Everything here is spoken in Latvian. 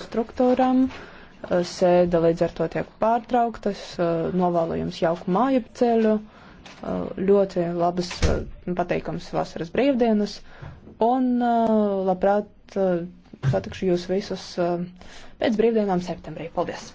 struktūram. Sēde līdz ar to tiek pārtrauktas, novēlu jums jauku māju ceļu, ļoti labas, pateikams vasaras brīvdienas un labprāt satikšu jūs visus pēc brīvdienām septembrī. Paldies!